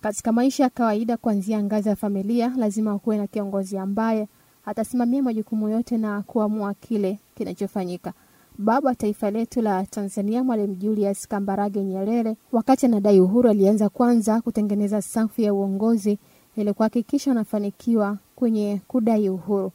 Katika maisha ya kawaida, kuanzia ngazi ya familia, lazima kuwe na kiongozi ambaye atasimamia majukumu yote na kuamua kile kinachofanyika. Baba wa taifa letu la Tanzania, Mwalimu Julius Kambarage Nyerere, wakati anadai uhuru, alianza kwanza kutengeneza safu ya uongozi ili kuhakikisha anafanikiwa kwenye kudai uhuru.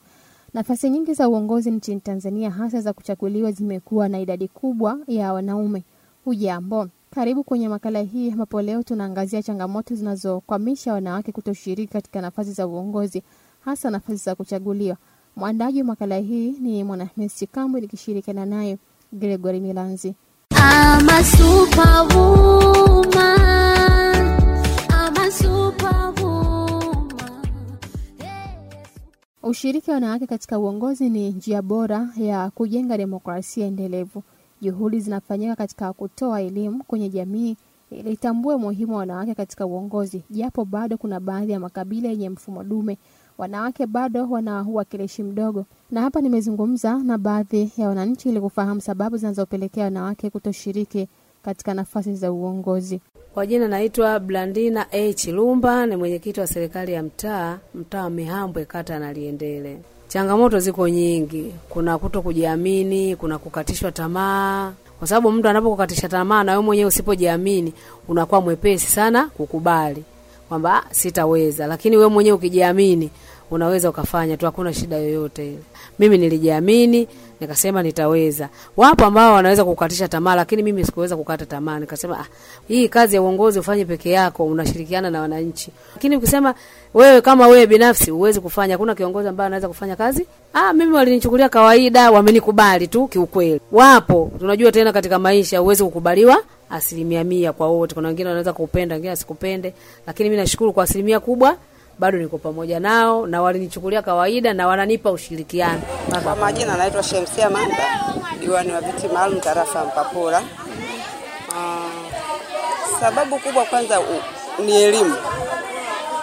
Nafasi nyingi za uongozi nchini Tanzania hasa za kuchaguliwa zimekuwa na idadi kubwa ya wanaume. Hujambo, karibu kwenye makala hii ambapo leo tunaangazia changamoto zinazokwamisha wanawake kutoshiriki katika nafasi za uongozi, hasa nafasi za kuchaguliwa. Mwandaji wa makala hii ni Mwanahamisi likishirikiana nikishirikiana naye Gregory Milanzi ama superwoman. Ushiriki wa wanawake katika uongozi ni njia bora ya kujenga demokrasia endelevu. Juhudi zinafanyika katika kutoa elimu kwenye jamii ili itambue umuhimu wa wanawake katika uongozi, japo bado kuna baadhi ya makabila yenye mfumo dume, wanawake bado wana uwakilishi mdogo. Na hapa nimezungumza na baadhi ya wananchi ili kufahamu sababu zinazopelekea wanawake kutoshiriki katika nafasi za uongozi. Kwa jina naitwa Blandina A Lumba, ni mwenyekiti wa serikali ya mtaa mtaa wa Mihambwe, kata Naliendele. Changamoto ziko nyingi, kuna kuto kujiamini, kuna kukatishwa tamaa, kwa sababu mtu anapokukatisha tamaa na wewe mwenyewe usipojiamini, unakuwa mwepesi sana kukubali kwamba sitaweza, lakini wewe mwenyewe ukijiamini unaweza ukafanya tu, hakuna shida yoyote ile. Mimi nilijiamini nikasema nitaweza. Wapo ambao wanaweza kukatisha tamaa, lakini mimi sikuweza kukata tamaa. Nikasema ah, hii kazi ya uongozi ufanye peke yako, unashirikiana na wananchi. Lakini ukisema wewe kama wewe binafsi uwezi kufanya, hakuna kiongozi ambaye anaweza kufanya kazi. Ah, mimi walinichukulia kawaida, wamenikubali tu kiukweli. Wapo, tunajua tena katika maisha uwezi kukubaliwa asilimia mia kwa wote. Kuna wengine wanaweza kupenda, wengine asikupende, lakini mi nashukuru kwa asilimia kubwa bado niko pamoja nao na walinichukulia kawaida na wananipa ushirikiano. Kwa majina anaitwa Shemsia Manda, diwani wa viti maalum tarafa ya Mpapura. Uh, ah, sababu kubwa kwanza u, ni elimu.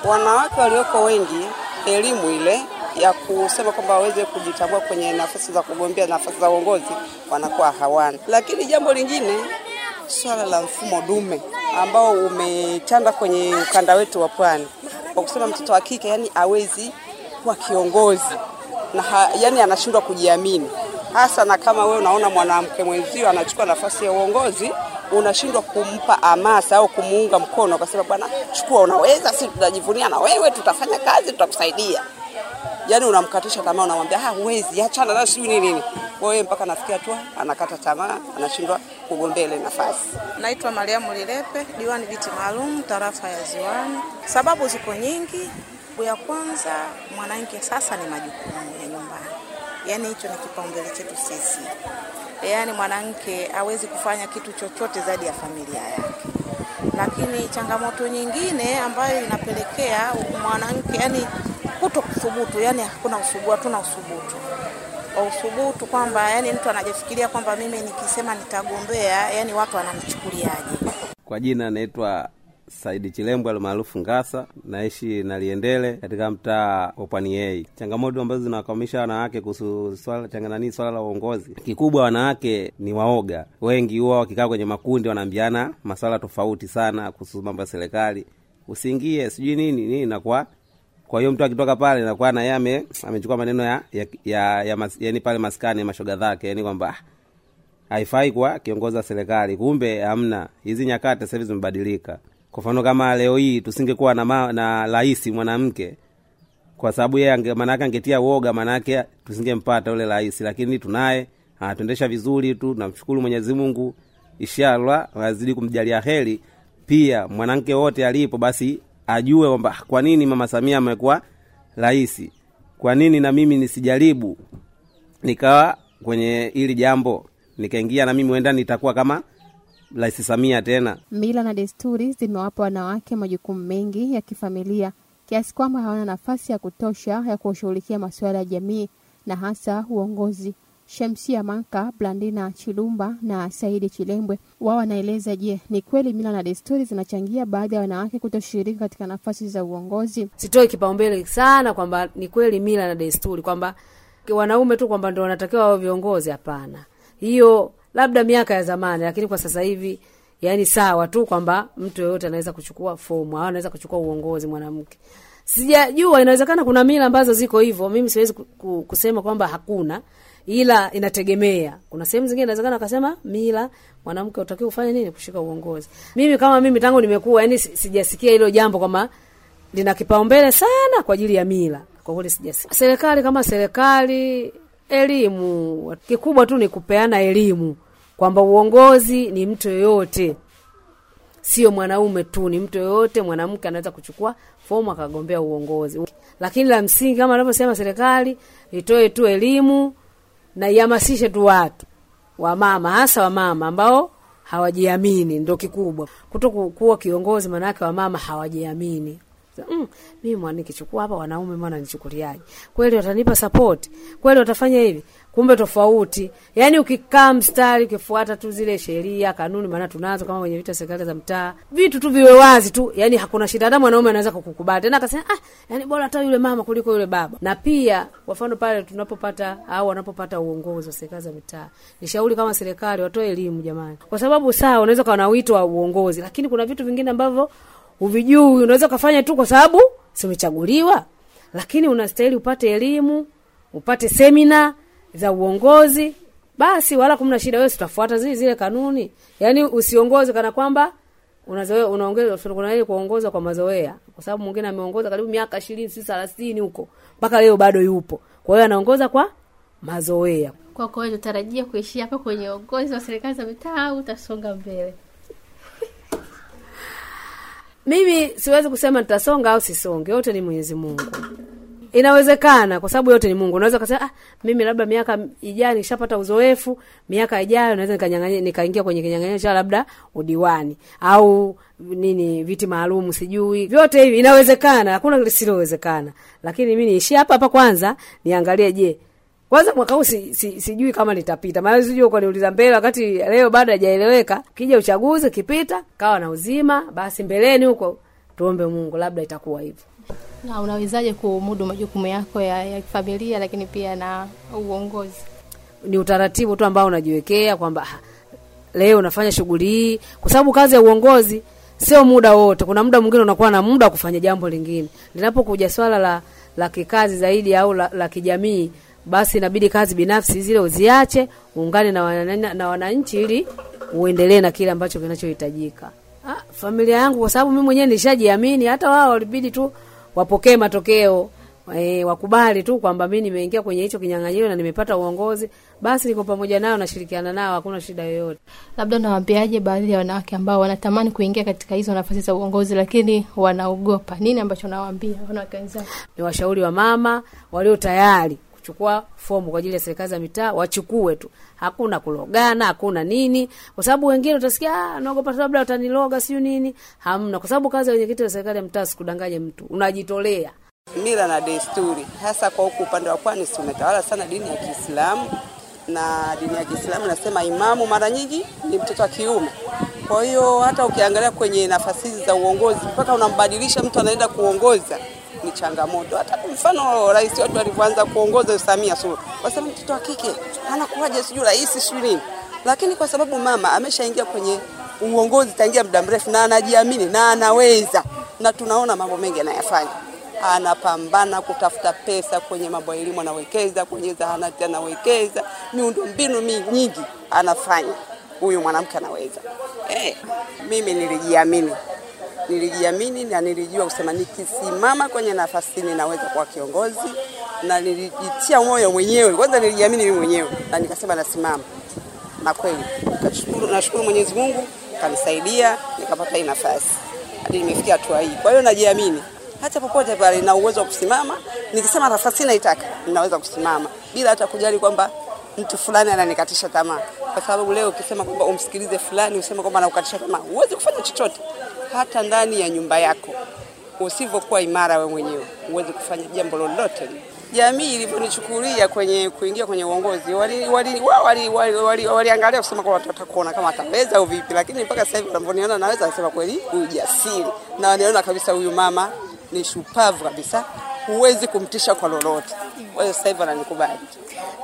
Wanawake walioko wengi, elimu ile ya kusema kwamba waweze kujitambua kwenye nafasi za kugombea nafasi za uongozi wanakuwa hawana. Lakini jambo lingine, swala la mfumo dume ambao umechanda kwenye ukanda wetu wa pwani kwa kusema mtoto wa kike yani awezi kuwa kiongozi na ha, yani anashindwa kujiamini hasa, na kama wewe unaona mwanamke mwenzio anachukua nafasi ya uongozi unashindwa kumpa hamasa au kumuunga mkono, ukasema bwana, chukua, unaweza, sisi tunajivunia na wewe, tutafanya kazi, tutakusaidia. Yani unamkatisha tamaa, unamwambia ah, huwezi, achana na sijui nini nini. Kwa hiyo mpaka nafikia tu anakata tamaa, anashindwa kugombea ile nafasi. Naitwa Mariamu Lilepe, diwani viti maalum tarafa ya Ziwani. Sababu ziko nyingi. Ya kwanza, mwananchi sasa ni majukumu ya nyumbani, yaani hicho ni kipaumbele chetu sisi, yaani mwanamke hawezi kufanya kitu chochote zaidi ya familia yake. Lakini changamoto nyingine ambayo inapelekea mwanamke yani kuto kuthubutu, yani hakuna usubutu, hatuna usubutu wa uthubutu kwamba yani mtu anajifikiria kwamba mimi nikisema nitagombea yani watu wananichukuliaje. Kwa jina anaitwa Saidi Chilembwe almaarufu Ngasa, naishi Naliendele katika mtaa wa Pwani A. Changamoto ambazo zinawakwamisha wanawake kuhusu swala changanani, swala la uongozi, kikubwa wanawake ni waoga wengi, huwa wakikaa kwenye makundi wanaambiana maswala tofauti sana kuhusu mambo ya serikali, usiingie sijui nini nini, inakuwa kwa hiyo mtu akitoka pale nakuwa na yame amechukua maneno ya ya, ya, ya mas, yani pale maskani ya mashoga zake, yani kwamba ah, haifai kwa kiongozi wa serikali. Kumbe hamna, hizi nyakati sasa hivi zimebadilika. Kwa mfano kama leo hii tusingekuwa na ma, na rais mwanamke, kwa sababu yeye ange, manake angetia woga, manake tusingempata yule rais, lakini tunaye anatuendesha vizuri tu, namshukuru Mwenyezi Mungu. Inshallah wazidi kumjalia heri. Pia mwanamke wote alipo basi ajue kwamba kwa nini mama samia amekuwa rais kwa nini na mimi nisijaribu nikawa kwenye hili jambo nikaingia na mimi huenda nitakuwa kama rais samia tena mila na desturi zimewapa wanawake majukumu mengi ya kifamilia kiasi kwamba hawana nafasi ya kutosha ya kushughulikia masuala ya jamii na hasa uongozi Shamsia Manka, Blandina Chilumba na Saidi Chilembwe. Wao wanaeleza je, ni kweli mila na desturi zinachangia baadhi ya wanawake kutoshiriki katika nafasi za uongozi? Sitoe kipaumbele sana kwamba ni kweli mila na desturi kwamba wanaume tu kwamba ndo wanatakiwa wao viongozi. Hapana, hiyo labda miaka ya zamani, lakini kwa sasa hivi yani sawa tu kwamba mtu yoyote anaweza kuchukua fomu au anaweza kuchukua uongozi mwanamke. Sijajua, inawezekana kuna mila ambazo ziko hivyo, mimi siwezi kusema kwamba hakuna, ila inategemea. Kuna sehemu zingine nawezekana akasema mila mwanamke utakiwa ufanye nini, kushika uongozi. Mimi kama mimi tangu nimekuwa yani sijasikia hilo jambo kwama lina kipaumbele sana kwa ajili ya mila, kwa kweli sijasikia. Serikali kama serikali, elimu kikubwa tu ni kupeana elimu kwamba uongozi ni mtu yoyote, sio mwanaume tu, ni mtu yoyote. Mwanamke anaweza kuchukua fomu akagombea uongozi, lakini la msingi kama anavyosema serikali itoe tu elimu na ihamasishe tu watu wamama, hasa wamama ambao hawajiamini, ndo kikubwa kuto kuwa kiongozi. Maanake wamama hawajiamini. Mm, mi mwanikichukua hapa wanaume, mwana nichukuliaji Kweli watanipa sapoti? Kweli watafanya hivi? kumbe tofauti. Yani ukikaa mstari ukifuata tu zile sheria kanuni, maana tunazo kama wenye vita serikali za mtaa, vitu tu viwe wazi tu, yani hakuna shida. Hata mwanaume anaweza kukukubali tena akasema ah, yani bora hata yule mama kuliko yule baba. Na pia kwa mfano pale tunapopata au wanapopata uongozi wa serikali za mitaa, ni shauri kama serikali watoe elimu jamani, kwa sababu sawa, unaweza kuwa na wito wa uongozi, lakini kuna vitu vingine ambavyo uvijui, unaweza ukafanya tu kwa sababu simechaguliwa, lakini unastahili upate elimu, upate semina za uongozi basi wala kumna shida wewe tutafuata zile zile kanuni yani usiongoze kana kwamba unazoea unaongeza kuna ile kuongoza kwa mazoea kwa sababu mwingine ameongoza karibu miaka 20 30 huko mpaka leo bado yupo kwa hiyo anaongoza kwa mazoea kwa kwa hiyo tutarajia kuishia hapa kwenye uongozi wa serikali za mitaa utasonga mbele mimi siwezi kusema nitasonga au sisonge yote ni Mwenyezi Mungu Inawezekana kwa sababu yote ni Mungu. Unaweza kusema ah, mimi labda miaka ijayo nishapata uzoefu, miaka ijayo naweza nikanyang'anya nikaingia kwenye kinyang'anyiro cha labda udiwani au nini, viti maalum, sijui. Vyote hivi inawezekana, hakuna lisilowezekana. Lakini mimi niishie hapa hapa kwanza, niangalie je, kwanza mwaka huu si, si, sijui kama nitapita, maana sijui uko niuliza mbele, wakati leo bado hajaeleweka. Kija uchaguzi kipita, kawa na uzima, basi mbeleni huko tuombe Mungu, labda itakuwa hivyo. Na unawezaje kumudu majukumu yako ya, ya familia lakini pia na uongozi? Ni utaratibu tu ambao unajiwekea kwamba ah, leo unafanya shughuli hii, kwa sababu kazi ya uongozi sio muda wote. Kuna muda mwingine unakuwa na muda wa kufanya jambo lingine. Linapokuja swala la la kikazi zaidi au la, la kijamii, basi inabidi kazi binafsi zile uziache, uungane na wanana, na wananchi ili uendelee na kile ambacho kinachohitajika. Ah, familia yangu, kwa sababu mimi mwenyewe nishajiamini, hata wao walibidi tu wapokee matokeo e, wakubali tu kwamba mi nimeingia kwenye hicho kinyang'anyiro na nimepata uongozi, basi niko pamoja nao, nashirikiana nao, hakuna shida yoyote. Labda nawambiaje baadhi ya wanawake ambao wanatamani kuingia katika hizo nafasi za uongozi lakini wanaogopa? Nini ambacho nawambia wanawake wenzao? Ni washauri wa mama walio tayari kuchukua fomu kwa ajili ya serikali za mitaa wachukue tu, hakuna kulogana, hakuna nini, kwa sababu wengine utasikia ah, naogopa labda wataniloga siyo nini. Hamna, kwa sababu kazi ya wenyekiti wa serikali ya mtaa, sikudanganye mtu, unajitolea. Mila na desturi, hasa kwa huku upande wa pwani, si umetawala sana dini ya Kiislamu, na dini ya Kiislamu nasema imamu mara nyingi ni mtoto wa kiume. Kwa hiyo hata ukiangalia kwenye nafasi hizi za uongozi, mpaka unambadilisha mtu anaenda kuongoza ni changamoto. Hata kwa mfano rais wetu alivyoanza kuongoza Samia Suluhu, wasema mtoto wa kike anakuwaje, sijui rais sijui nini, lakini kwa sababu mama ameshaingia kwenye uongozi tangia muda mrefu na anajiamini na anaweza, na tunaona mambo mengi anayafanya anapambana kutafuta pesa kwenye mambo ya elimu, anawekeza kwenye zahanati, anawekeza mbinu nyingi, anafanya. Huyu mwanamke anaweza. Hey, eh, mimi nilijiamini nilijiamini na nilijua kusema nikisimama kwenye nafasi ninaweza kuwa kiongozi, na nilijitia moyo mwenyewe. Kwanza nilijiamini mimi mwenyewe na nikasema nasimama, na kweli nashukuru Mwenyezi Mungu kanisaidia nikapata hii nafasi hadi nimefikia hatua hii. Kwa hiyo najiamini hata popote pale, na uwezo wa kusimama. Nikisema nafasi naitaka, ninaweza kusimama bila hata kujali kwamba mtu fulani ananikatisha tamaa, kwa sababu leo ukisema kwamba umsikilize fulani, useme kwamba anakukatisha tamaa, huwezi kufanya chochote hata ndani ya nyumba yako. Usivyokuwa imara we mwenyewe, huwezi kufanya jambo lolote. Jamii ilivyonichukulia kwenye kuingia kwenye uongozi, waliangalia wali, wali, wali, wali kusema kwamba watakuona kama ataweza au vipi, lakini mpaka sasa hivi wanavyoniona naweza, kusema kweli ujasiri, na wanaona kabisa huyu mama ni shupavu kabisa, huwezi kumtisha kwa lolote. Sasa hivi wananikubali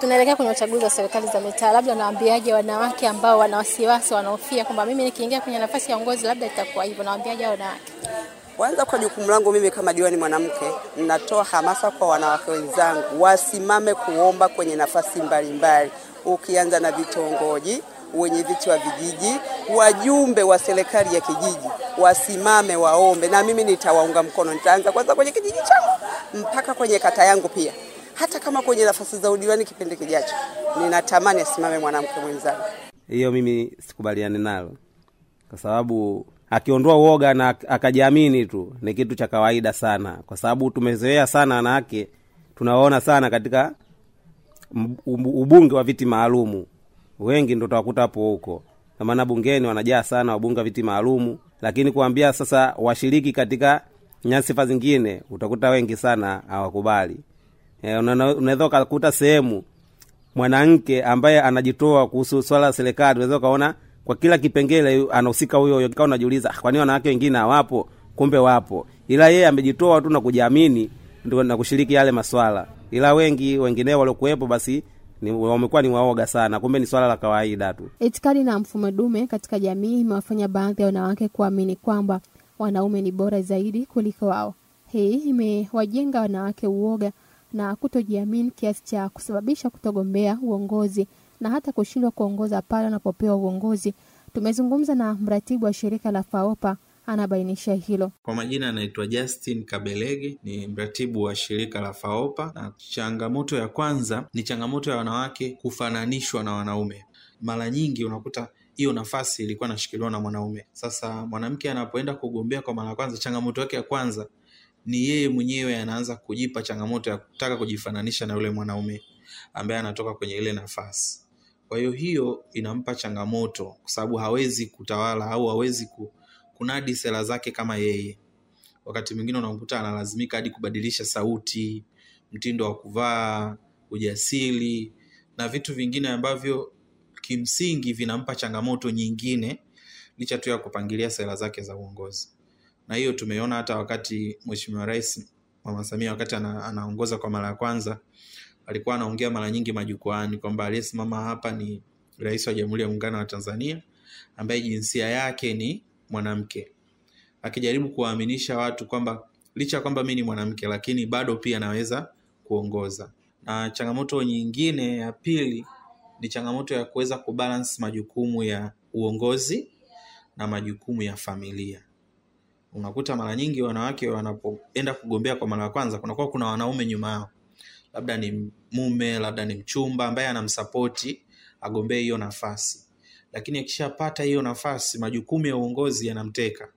tunaelekea kwenye uchaguzi wa serikali za mitaa, labda nawaambiaje wanawake ambao wana wasiwasi, wanaofia kwamba mimi nikiingia kwenye nafasi ya uongozi labda itakuwa hivyo, nawaambiaje wanawake? Kwanza, kwa jukumu langu mimi kama diwani mwanamke, ninatoa hamasa kwa wanawake wenzangu wasimame kuomba kwenye nafasi mbalimbali, ukianza na vitongoji, wenye viti wa vijiji, wajumbe wa serikali ya kijiji wasimame waombe, na mimi nitawaunga mkono. Nitaanza kwanza kwenye kijiji changu mpaka kwenye kata yangu pia hata kama kwenye nafasi za udiwani kipindi kijacho, ninatamani asimame mwanamke mwenzangu. Hiyo mimi sikubaliani nalo, kwa sababu akiondoa uoga na akajiamini tu ni kitu cha kawaida sana, kwa sababu tumezoea sana wanawake, tunawaona sana katika ubunge wa viti maalumu, wengi ndo tawakuta hapo huko kwa maana bungeni wanajaa sana wabunge wa viti maalumu, lakini kuambia sasa washiriki katika nyasifa zingine utakuta wengi sana hawakubali eh, unaweza ukakuta sehemu mwanamke ambaye anajitoa kuhusu swala la serikali, unaweza ukaona kwa kila kipengele anahusika huyo huyo, ukawa unajiuliza ah, kwa nini wanawake wengine hawapo? Kumbe wapo, ila yeye amejitoa tu na kujiamini na kushiriki yale maswala, ila wengi wengineo waliokuwepo basi wamekuwa ni waoga sana, kumbe ni swala la kawaida tu. Itikadi na mfumo dume katika jamii imewafanya baadhi ya wanawake kuamini kwamba wanaume ni bora zaidi kuliko wao. Hii imewajenga wanawake uoga na kutojiamini kiasi cha kusababisha kutogombea uongozi na hata kushindwa kuongoza pale anapopewa uongozi. Tumezungumza na mratibu wa shirika la FAOPA anabainisha hilo. Kwa majina anaitwa Justin Kabelege, ni mratibu wa shirika la FAOPA, na changamoto ya kwanza ni changamoto ya wanawake kufananishwa na wanaume. Mara nyingi unakuta hiyo nafasi ilikuwa inashikiliwa na mwanaume. Sasa mwanamke anapoenda kugombea kwa mara ya kwanza, changamoto yake ya kwanza ni yeye mwenyewe anaanza kujipa changamoto ya kutaka kujifananisha na yule mwanaume ambaye anatoka kwenye ile nafasi. Kwa hiyo hiyo inampa changamoto kwa sababu hawezi kutawala au hawezi ku, kunadi sera zake kama yeye. Wakati mwingine unamkuta analazimika hadi kubadilisha sauti, mtindo wa kuvaa, ujasiri na vitu vingine ambavyo kimsingi vinampa changamoto nyingine licha tu ya kupangilia sera zake za uongozi na hiyo tumeona hata wakati Mheshimiwa Rais Mama Samia wakati ana, anaongoza kwa mara ya kwanza alikuwa anaongea mara nyingi majukwaani kwamba aliyesimama hapa ni Rais wa Jamhuri ya Muungano wa Tanzania ambaye jinsia yake ni mwanamke, akijaribu kuwaaminisha watu kwamba licha ya kwamba mimi ni mwanamke, lakini bado pia naweza kuongoza. Na changamoto nyingine ya pili ni changamoto ya kuweza kubalance majukumu ya uongozi na majukumu ya familia unakuta mara nyingi wanawake wanapoenda kugombea kwa mara ya kwanza kunakuwa kuna wanaume nyuma yao, labda ni mume, labda ni mchumba ambaye anamsapoti agombee hiyo nafasi, lakini akishapata hiyo nafasi majukumu ya uongozi yanamteka.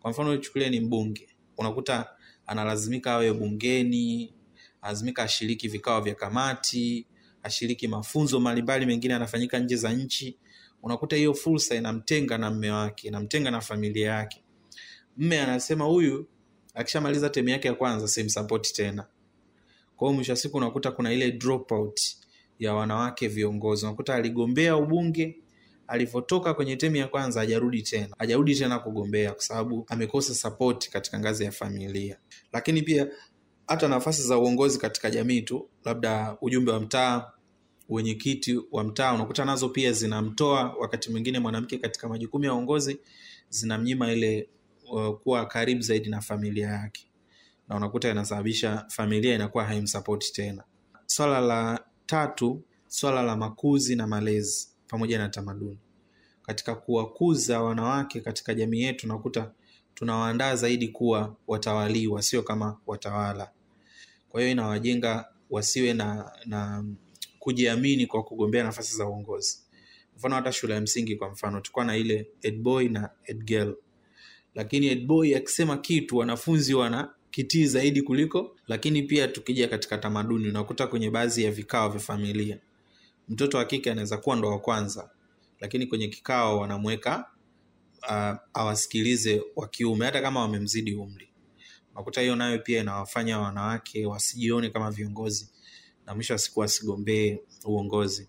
Kwa mfano, chukulia ni mbunge, unakuta analazimika awe bungeni, lazimika ashiriki vikao vya kamati, ashiriki mafunzo mbalimbali, mengine anafanyika nje za nchi. Unakuta hiyo fursa inamtenga na mme wake, inamtenga na familia yake mme anasema huyu akishamaliza temu yake ya kwanza simsapoti tena. kwao mwisho wa siku unakuta kuna ile dropout ya wanawake viongozi, unakuta aligombea ubunge alivyotoka kwenye temu ya kwanza hajarudi tena, hajarudi tena kugombea kwa sababu amekosa sapoti katika ngazi ya familia. Lakini pia hata nafasi za uongozi katika jamii tu, labda ujumbe wa mtaa, wenyekiti wa mtaa, unakuta nazo pia zinamtoa wakati mwingine mwanamke katika majukumu ya uongozi, zinamnyima ile Uh, kuwa karibu zaidi na familia yake, na unakuta inasababisha familia inakuwa haimsapoti tena. Swala la tatu, swala la makuzi na malezi pamoja na tamaduni. Katika kuwakuza wanawake katika jamii yetu, unakuta tunawaandaa zaidi kuwa watawaliwa, sio kama watawala. Kwa hiyo inawajenga wasiwe na, na kujiamini kwa kugombea nafasi za uongozi. Mfano hata shule ya msingi, kwa mfano tukuwa na ile boy na girl lakini headboy akisema kitu wanafunzi wana kitii zaidi kuliko. Lakini pia tukija katika tamaduni, unakuta kwenye baadhi ya vikao vya familia mtoto wa kike anaweza kuwa ndo wa kwanza, lakini kwenye kikao wanamweka uh, awasikilize wa kiume hata kama wamemzidi umri. Unakuta hiyo nayo pia inawafanya wanawake wasijione kama viongozi na mwisho wa siku wasigombee uongozi.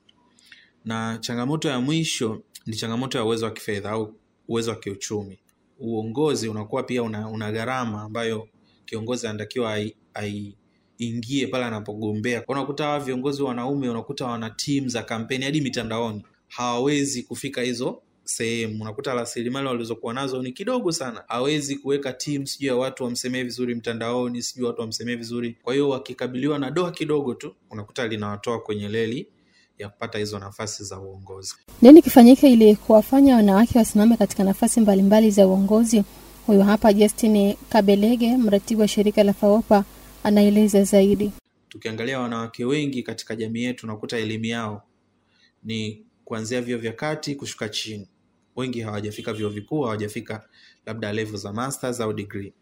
Na changamoto ya mwisho ni changamoto ya uwezo wa kifedha au uwezo wa kiuchumi uongozi unakuwa pia una, una gharama ambayo kiongozi anatakiwa aingie pale anapogombea. Unakuta hawa viongozi wanaume, unakuta wana timu za kampeni hadi mitandaoni, hawawezi kufika hizo sehemu unakuta rasilimali walizokuwa nazo ni kidogo sana. Hawezi kuweka timu sijui ya watu wamsemee vizuri mtandaoni, sijui watu wamsemee vizuri. Kwa hiyo wakikabiliwa na doa kidogo tu unakuta linawatoa kwenye leli ya kupata hizo nafasi za uongozi. Nini kifanyike ili kuwafanya wanawake wasimame katika nafasi mbalimbali za uongozi? Huyu hapa Justin Kabelege, mratibu wa shirika la faopa anaeleza zaidi. Tukiangalia wanawake wengi katika jamii yetu, unakuta elimu yao ni kuanzia vyuo vya kati kushuka chini. Wengi hawajafika vyuo vikuu, hawajafika labda level za masters au degree.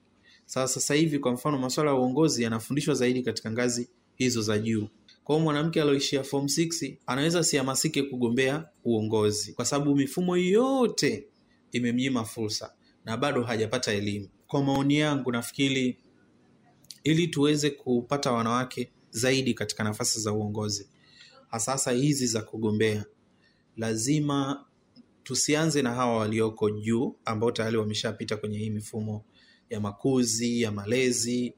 Sasa sasa hivi, kwa mfano, masuala ya uongozi yanafundishwa zaidi katika ngazi hizo za juu. Kwa hiyo mwanamke alioishia form 6 anaweza asihamasike kugombea uongozi, kwa sababu mifumo yote imemnyima fursa na bado hajapata elimu. Kwa maoni yangu, nafikiri ili tuweze kupata wanawake zaidi katika nafasi za uongozi, hasahasa hizi za kugombea, lazima tusianze na hawa walioko juu ambao tayari wameshapita kwenye hii mifumo ya makuzi, ya malezi,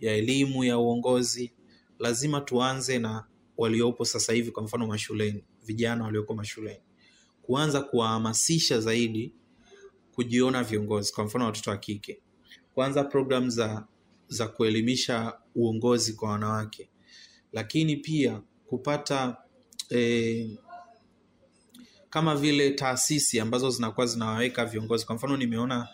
ya elimu, ya uongozi lazima tuanze na waliopo sasa hivi, kwa mfano mashuleni, vijana walioko mashuleni, kuanza kuwahamasisha zaidi kujiona viongozi, kwa mfano watoto wa kike, kuanza programu za za kuelimisha uongozi kwa wanawake, lakini pia kupata eh, kama vile taasisi ambazo zinakuwa zinawaweka viongozi. Kwa mfano nimeona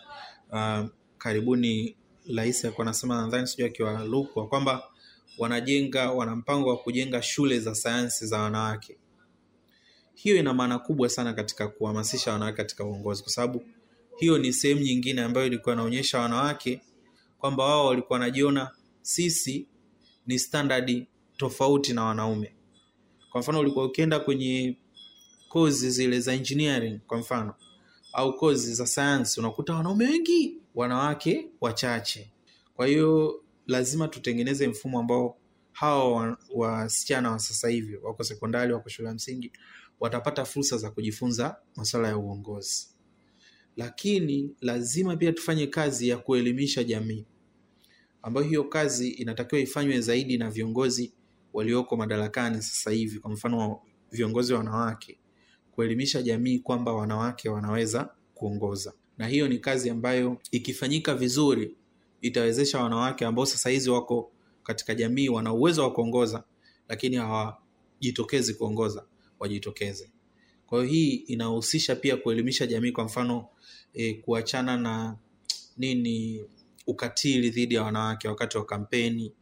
uh, karibuni rais alikuwa anasema, nadhani sijui akiwa lukwa kwamba wanajenga wana mpango wa kujenga shule za sayansi za wanawake. Hiyo ina maana kubwa sana katika kuhamasisha wanawake katika uongozi, kwa sababu hiyo ni sehemu nyingine ambayo ilikuwa inaonyesha wanawake kwamba wao walikuwa wanajiona sisi ni standardi tofauti na wanaume. Kwa mfano, ulikuwa ukienda kwenye kozi zile za engineering kwa mfano au kozi za sayansi, unakuta wanaume wengi, wanawake wachache. Kwa hiyo lazima tutengeneze mfumo ambao hawa wasichana wa, wa sasa hivi wako sekondari, wako shule ya msingi watapata fursa za kujifunza masuala ya uongozi, lakini lazima pia tufanye kazi ya kuelimisha jamii, ambayo hiyo kazi inatakiwa ifanywe zaidi na viongozi walioko madarakani sasa hivi, kwa mfano viongozi wanawake, kuelimisha jamii kwamba wanawake wanaweza kuongoza, na hiyo ni kazi ambayo ikifanyika vizuri itawezesha wanawake ambao sasa hizi wako katika jamii, wana uwezo wa kuongoza lakini hawajitokezi kuongoza, wajitokeze. Kwa hiyo hii inahusisha pia kuelimisha jamii, kwa mfano e, kuachana na nini, ukatili dhidi ya wanawake wakati wa kampeni.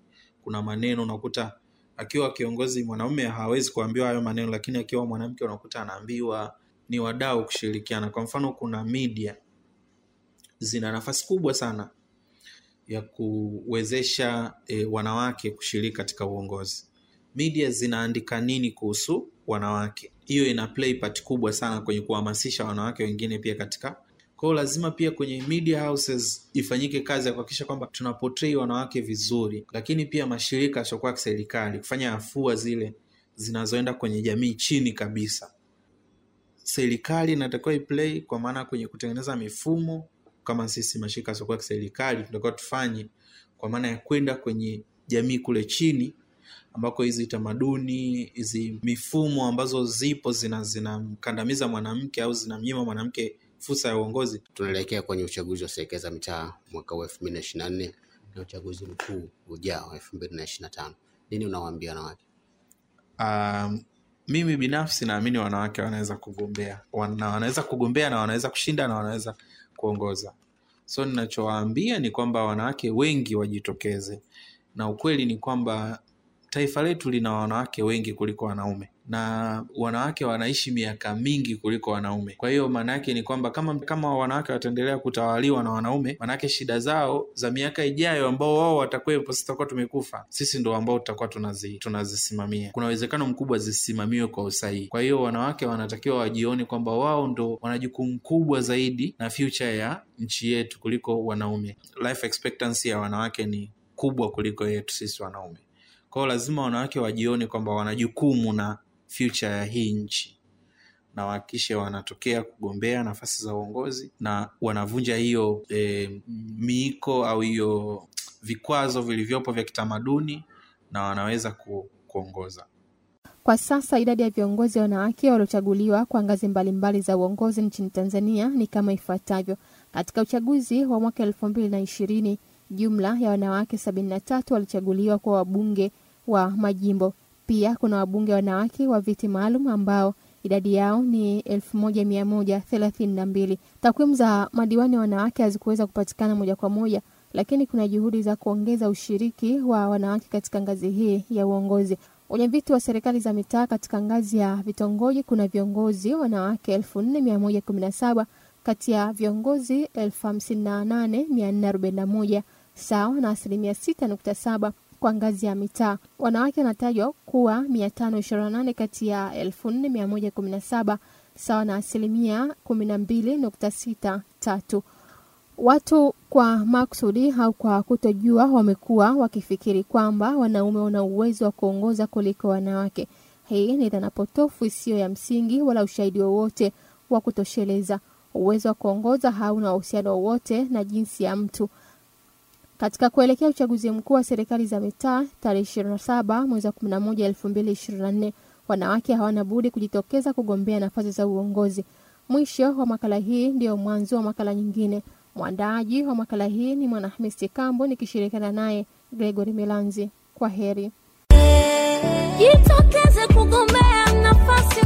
Kuna maneno unakuta akiwa kiongozi mwanaume hawezi kuambiwa hayo maneno, lakini akiwa mwanamke unakuta anaambiwa. Ni wadau kushirikiana. Kwa mfano, kuna media zina nafasi kubwa sana ya kuwezesha e, wanawake kushiriki katika uongozi. Media zinaandika nini kuhusu wanawake? Hiyo ina play part kubwa sana kwenye kuhamasisha wanawake wengine pia katika kwao. Lazima pia kwenye media houses ifanyike kazi ya kuhakikisha kwamba tuna portray wanawake vizuri, lakini pia mashirika yasiokuwa kiserikali kufanya afua zile zinazoenda kwenye jamii chini kabisa. Serikali inatakiwa iplay, kwa maana kwenye kutengeneza mifumo kama sisi mashirika yasiokuwa ya kiserikali tunatakiwa tufanye, kwa maana ya kwenda kwenye jamii kule chini ambako hizi tamaduni hizi mifumo ambazo zipo zinamkandamiza zina mwanamke au zinamnyima mwanamke fursa ya uongozi. Tunaelekea kwenye uchaguzi wa serikali za mitaa mwaka huu elfu mbili na ishirini na nne na uchaguzi mkuu ujao elfu mbili na ishirini na tano Nini unawaambia wanawake? Um, mimi binafsi naamini wanawake wanaweza kugombea, wanaweza kugombea na wanaweza kushinda na wanaweza kuongoza. So ninachowaambia ni kwamba wanawake wengi wajitokeze, na ukweli ni kwamba taifa letu lina wanawake wengi kuliko wanaume na wanawake wanaishi miaka mingi kuliko wanaume. Kwa hiyo maana yake ni kwamba kama kama wanawake wataendelea kutawaliwa na wanaume, maanake shida zao za miaka ijayo ambao wao watakuwepo, sisi tutakuwa tumekufa, sisi ndo ambao tutakuwa tunazi, tunazisimamia. Kuna uwezekano mkubwa zisimamiwe kwa usahihi. Kwa hiyo wanawake wanatakiwa wajione kwamba wao ndo wana jukumu kubwa zaidi na future ya nchi yetu kuliko wanaume. Life expectancy ya wanawake ni kubwa kuliko yetu sisi wanaume. kwao lazima wanawake wajione kwamba wana jukumu na future ya hii nchi na wahakikishe wanatokea kugombea nafasi za uongozi na wanavunja hiyo e, miiko au hiyo vikwazo vilivyopo vya kitamaduni na wanaweza ku, kuongoza. Kwa sasa idadi ya viongozi wanawake waliochaguliwa kwa ngazi mbalimbali za uongozi nchini Tanzania ni kama ifuatavyo. Katika uchaguzi wa mwaka elfu mbili na ishirini jumla ya wanawake sabini na tatu walichaguliwa kwa wabunge wa majimbo pia kuna wabunge wanawake wa viti maalum ambao idadi yao ni 1132. Takwimu za madiwani wanawake hazikuweza kupatikana moja kwa moja, lakini kuna juhudi za kuongeza ushiriki wa wanawake katika ngazi hii ya uongozi. wenye viti wa serikali za mitaa katika ngazi ya vitongoji kuna viongozi wanawake 4117 kati ya viongozi 58441 sawa na asilimia 6.7 kwa ngazi ya mitaa. Wanawake wanatajwa kuwa 528 kati ya 4117 sawa na asilimia 12.63. Watu kwa maksudi au kwa kutojua wamekuwa wakifikiri kwamba wanaume wana uwezo wa kuongoza kuliko wanawake. Hii ni dhana potofu isiyo ya msingi wala ushahidi wowote wa kutosheleza. Uwezo wa kuongoza hauna uhusiano wowote na jinsi ya mtu. Katika kuelekea uchaguzi mkuu wa serikali za mitaa tarehe 27 mwezi wa 11 2024, wanawake hawana budi kujitokeza kugombea nafasi za uongozi. Mwisho wa makala hii ndiyo mwanzo wa makala nyingine. Mwandaaji wa makala hii ni Mwanahamisi Kambo nikishirikiana naye Gregory Milanzi. Kwa heri, jitokeze kugombea nafasi